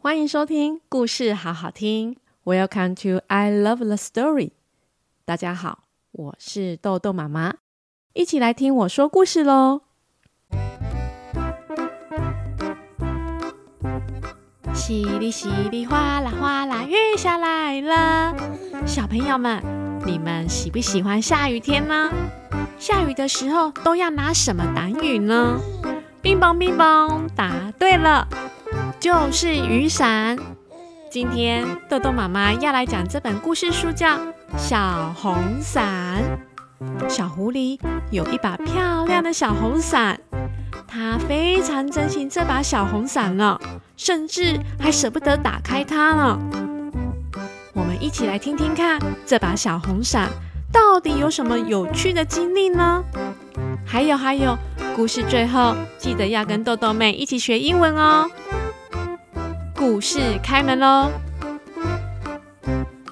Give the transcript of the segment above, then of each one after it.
歡迎收聽故事好好聽。Welcome to I Love the Story。大家好，我是豆豆媽媽，一起來聽我說故事嘍。唏哩唏哩，嘩啦嘩啦，雨下來了。小朋友們，你們喜不喜歡下雨天呢？下雨的時候都要拿什麼擋雨呢？冰棒，冰棒，答對了。就是雨傘。今天豆豆媽媽要來講這本故事書，叫《小紅傘》。小狐狸有一把漂亮的小紅傘，它非常珍惜這把小紅傘了，甚至還捨不得打開它呢。我們一起來聽聽看，這把小紅傘到底有什麼有趣的經歷呢？還有還有，故事最後記得要跟豆豆妹一起學英文哦。故事開門嘍！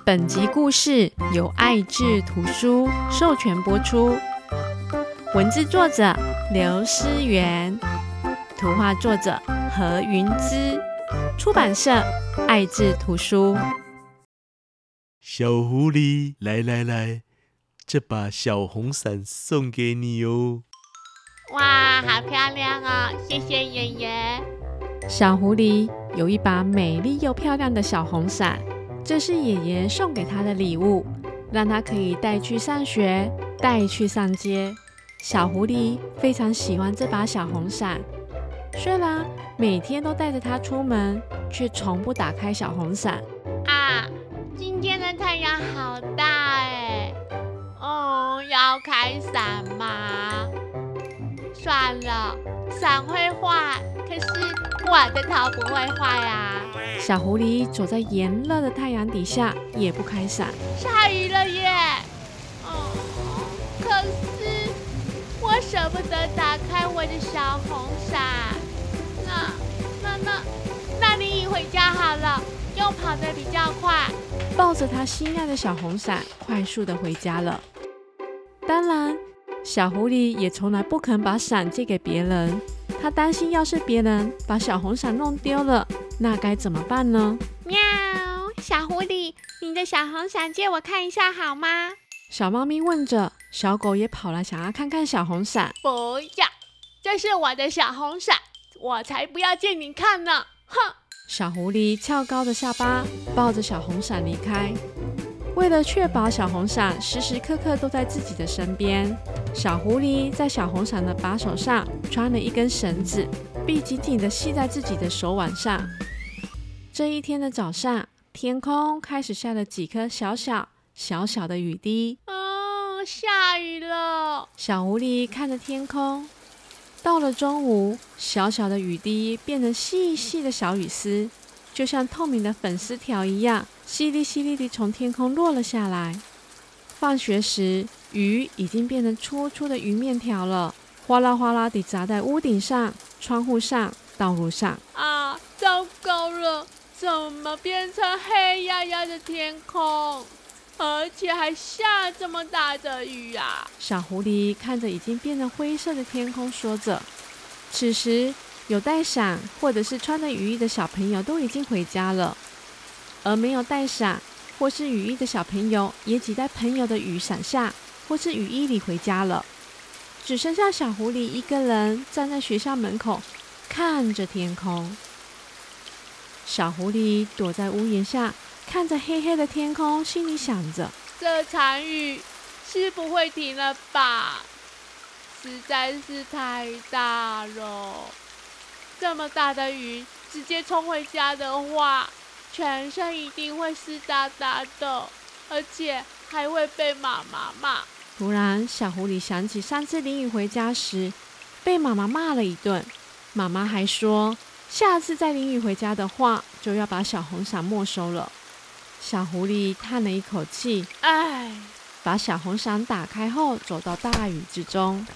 本集故事由愛智圖書授權播出，文字作者劉思源，圖畫作者何雲姿，出版社愛智圖書。小狐狸，來來來，這把小紅傘送給你哦！哇，好漂亮哦！謝謝爺爺。小狐狸。有一把美麗又漂亮的小紅傘，這是爺爺送給他的禮物，讓他可以帶去上學，帶去上街。小狐狸非常喜歡這把小紅傘，雖然每天都帶着它出門，卻從不打開小紅傘。啊，今天的太陽好大哎！哦，要開傘嗎？算了，傘會壞，可是……我的頭不會壞呀、啊。小狐狸走在炎熱的太陽底下，也不開傘。下雨了耶！哦、嗯，可是我捨不得打開我的小紅傘。那、那、那，那你回家好了，又跑得比較快。抱着他心愛的小紅傘，快速地回家了。當然，小狐狸也從來不肯把傘借給別人。他擔心，要是別人把小紅傘弄丟了，那該怎麼辦呢？喵，小狐狸，你的小紅傘借我看一下好嗎？小貓咪問着，小狗也跑來，想要看看小紅傘。不要，這是我的小紅傘，我才不要借你看呢！哼！小狐狸翹高的下巴，抱着小紅傘離開。為了確保小紅傘時時刻刻都在自己的身邊，小狐狸在小紅傘的把手上穿了一根繩子，並緊緊的繫在自己的手腕上。這一天的早上，天空開始下了幾顆小小小小的雨滴。哦，下雨了！小狐狸看着天空。到了中午，小小的雨滴變成細細的小雨絲。就像透明的粉絲條一樣，淅瀝淅瀝地從天空落了下來。放學時，雨已經變成粗粗的雨麵條了，嘩啦嘩啦地砸在屋頂上、窗戶上、道路上。啊，糟糕了！怎麼變成黑壓壓的天空？而且還下這麼大的雨啊！小狐狸看着已經變成灰色的天空，說着。此時。有帶傘或者是穿着雨衣的小朋友都已經回家了，而沒有帶傘或是雨衣的小朋友也擠在朋友的雨傘下或是雨衣裡回家了。只剩下小狐狸一個人站在學校門口，看着天空。小狐狸躲在屋檐下，看着黑黑的天空，心裡想着：這場雨是不會停了吧？實在是太大了。這麼大的雨，直接衝回家的話，全身一定會濕噠噠的，而且還會被媽媽罵。突然，小狐狸想起上次淋雨回家時被媽媽罵了一頓，媽媽還說下次再淋雨回家的話就要把小紅傘沒收了。小狐狸嘆了一口氣：“唉。”把小紅傘打開後，走到大雨之中。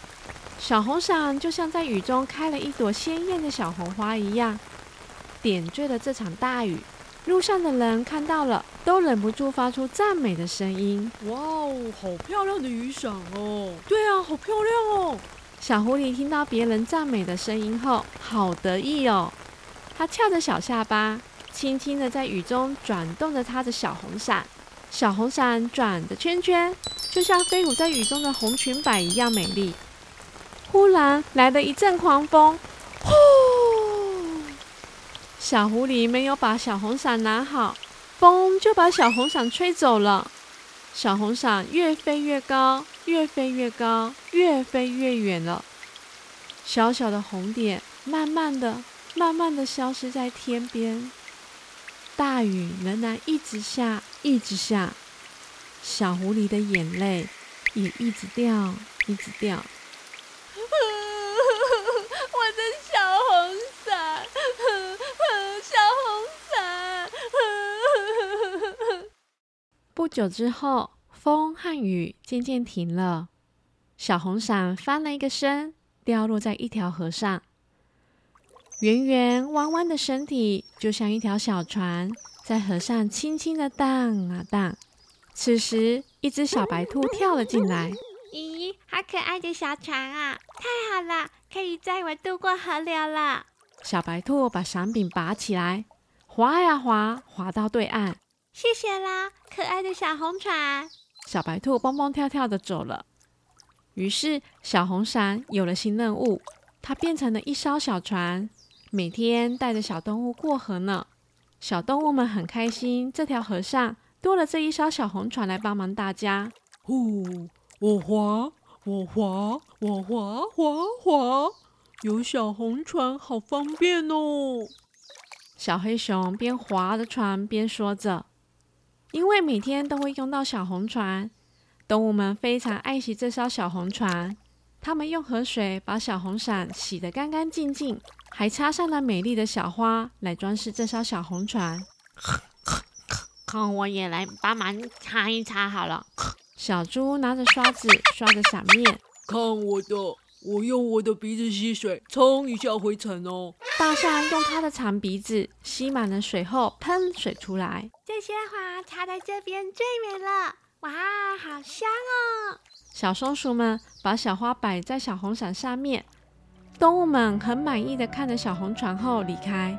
小紅傘就像在雨中開了一朵鮮豔的小紅花一樣，點綴了這場大雨。路上的人看到了，都忍不住發出讚美的聲音：“哇哦，好漂亮的雨傘哦！”“對啊，好漂亮哦！”小狐狸聽到別人讚美的聲音後，好得意哦。它翹着小下巴，輕輕地在雨中轉動着它的小紅傘。小紅傘轉着圈圈，就像飛舞在雨中的紅裙襬一樣美麗。忽然來的一陣狂風，呼！小狐狸沒有把小紅傘拿好，風就把小紅傘吹走了。小紅傘越飛越高，越飛越高，越飛越遠了。小小的紅點，慢慢的、慢慢的消失在天邊。大雨仍然一直下，一直下。小狐狸的眼淚也一直掉，一直掉。久之後，風和雨漸漸停了。小紅傘翻了一個身，掉落在一條河上。圓圓彎彎的身體就像一條小船，在河上輕輕地蕩啊蕩。此時，一隻小白兔跳了進來。嗯“咦，好可愛的小船啊！太好了，可以載我渡過河流了。”小白兔把傘柄拔起來，划呀划，划到對岸。謝謝啦，可愛的小紅船。小白兔蹦蹦跳跳的走了。於是小紅傘有了新任務，它變成了一艘小船，每天帶着小動物過河呢。小動物們很開心，這條河上多了這一艘小紅船來幫忙大家。呼，我划，我划，我划划划，有小紅船好方便哦。小黑熊邊划着船邊說着。因為每天都會用到小紅船，動物們非常愛惜這艘小紅船。他們用河水把小紅傘洗得乾乾淨淨，還插上了美麗的小花來裝飾這艘小紅船。咳咳咳，看，我也來幫忙擦一擦好了。小豬拿着刷子刷着傘面，看我的。我用我的鼻子吸水，沖一下灰塵哦。大象用它的長鼻子吸滿了水後，噴水出來。這些花插在這邊最美了。哇，好香哦！小松鼠們把小花擺在小紅傘上面，動物們很滿意的看着小紅船後離開。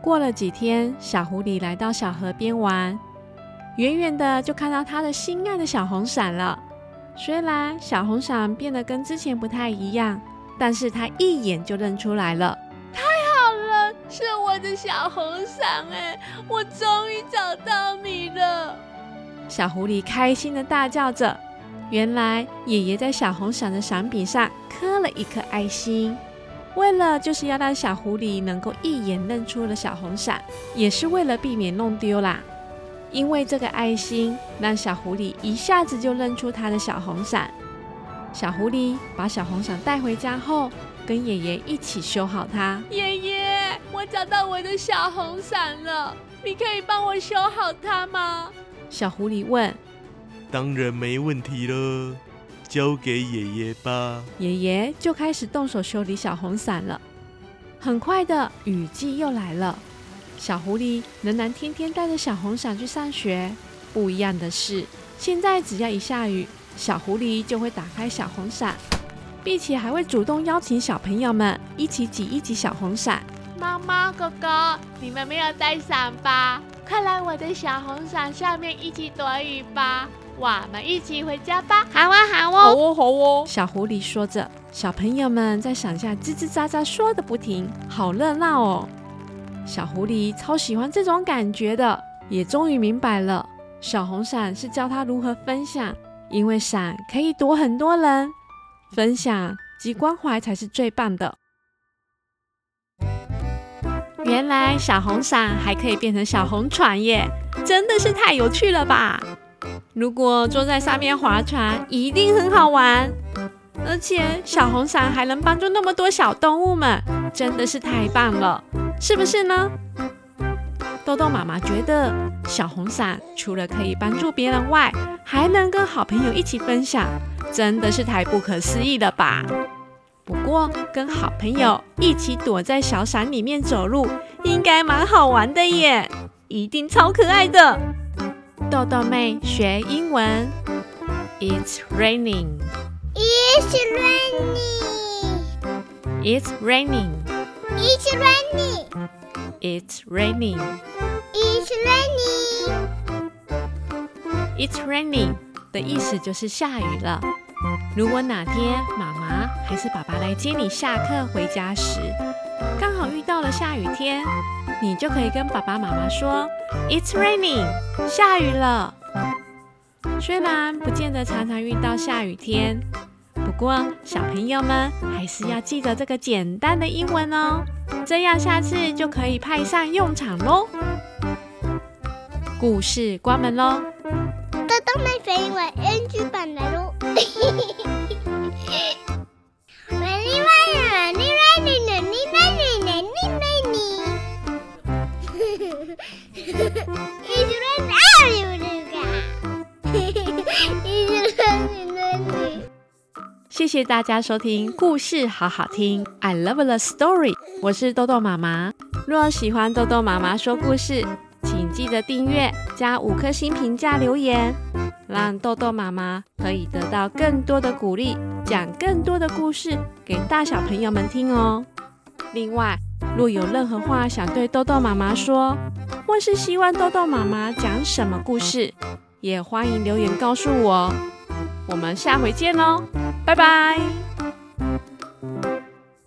過了幾天，小狐狸來到小河邊玩，遠遠的就看到它的心愛的小紅傘了。雖然小紅傘變得跟之前不太一樣，但是它一眼就認出來了。太好了，是我的小紅傘哎、欸！我終於找到你了！小狐狸開心地大叫着。原來爺爺在小紅傘的傘柄上刻了一顆愛心，為了就是要讓小狐狸能夠一眼認出了小紅傘，也是為了避免弄丟啦。因為這個愛心，讓小狐狸一下子就認出它的小紅傘。小狐狸把小紅傘帶回家後，跟爺爺一起修好它。爺爺，我找到我的小紅傘了，你可以幫我修好它嗎？小狐狸問。當然沒問題了，交給爺爺吧。爺爺就開始動手修理小紅傘了。很快的，雨季又來了。小狐狸仍然天天帶着小紅傘去上學。不一樣的是，現在只要一下雨，小狐狸就會打開小紅傘，並且還會主動邀請小朋友們一起擠一擠小紅傘。貓貓哥哥，你們沒有帶傘吧？快來我的小紅傘下面一起躲雨吧！我們一起回家吧！好哇好哦，好哦，好哦。小狐狸說着，小朋友們在傘下吱吱喳喳,喳喳說個不停，好熱鬧哦。小狐狸超喜歡這種感覺的，也終於明白了，小紅傘是教他如何分享，因為傘可以躲很多人，分享及關懷才是最棒的。原來小紅傘還可以變成小紅船耶，真的是太有趣了吧！如果坐在上面划船，一定很好玩。而且小紅傘還能幫助那麼多小動物們，真的是太棒了。是不是呢？荳荳媽媽覺得，小紅傘除了可以幫助別人外，還能跟好朋友一起分享，真的是太不可思議了吧！不過，跟好朋友一起躲在小傘裡面走路，應該蠻好玩的耶，一定超可愛的。荳荳妹學英文：It's raining。It's raining。It's raining。It's raining. It's raining. It's raining. It's raining. 的意思就是下雨了。如果哪天媽媽還是爸爸來接你下課回家時，剛好遇到了下雨天，你就可以跟爸爸媽媽說 It's raining. 下雨了。雖然不見得常常遇到下雨天。不過，小朋友們還是要記得這個簡單的英文哦，這樣下次就可以派上用場嘍。故事關門咯。荳荳妹學英文 NG 版的嘍。謝謝大家收聽故事，好好聽。I love the story，我是豆豆媽媽。若喜歡豆豆媽媽說故事，請記得訂閱、加五顆星評價、留言，讓豆豆媽媽可以得到更多的鼓勵，講更多的故事給大小朋友們聽哦。另外，若有任何話想對豆豆媽媽說，或是希望豆豆媽媽講什麼故事，也歡迎留言告訴我。我們下回見哦。拜拜。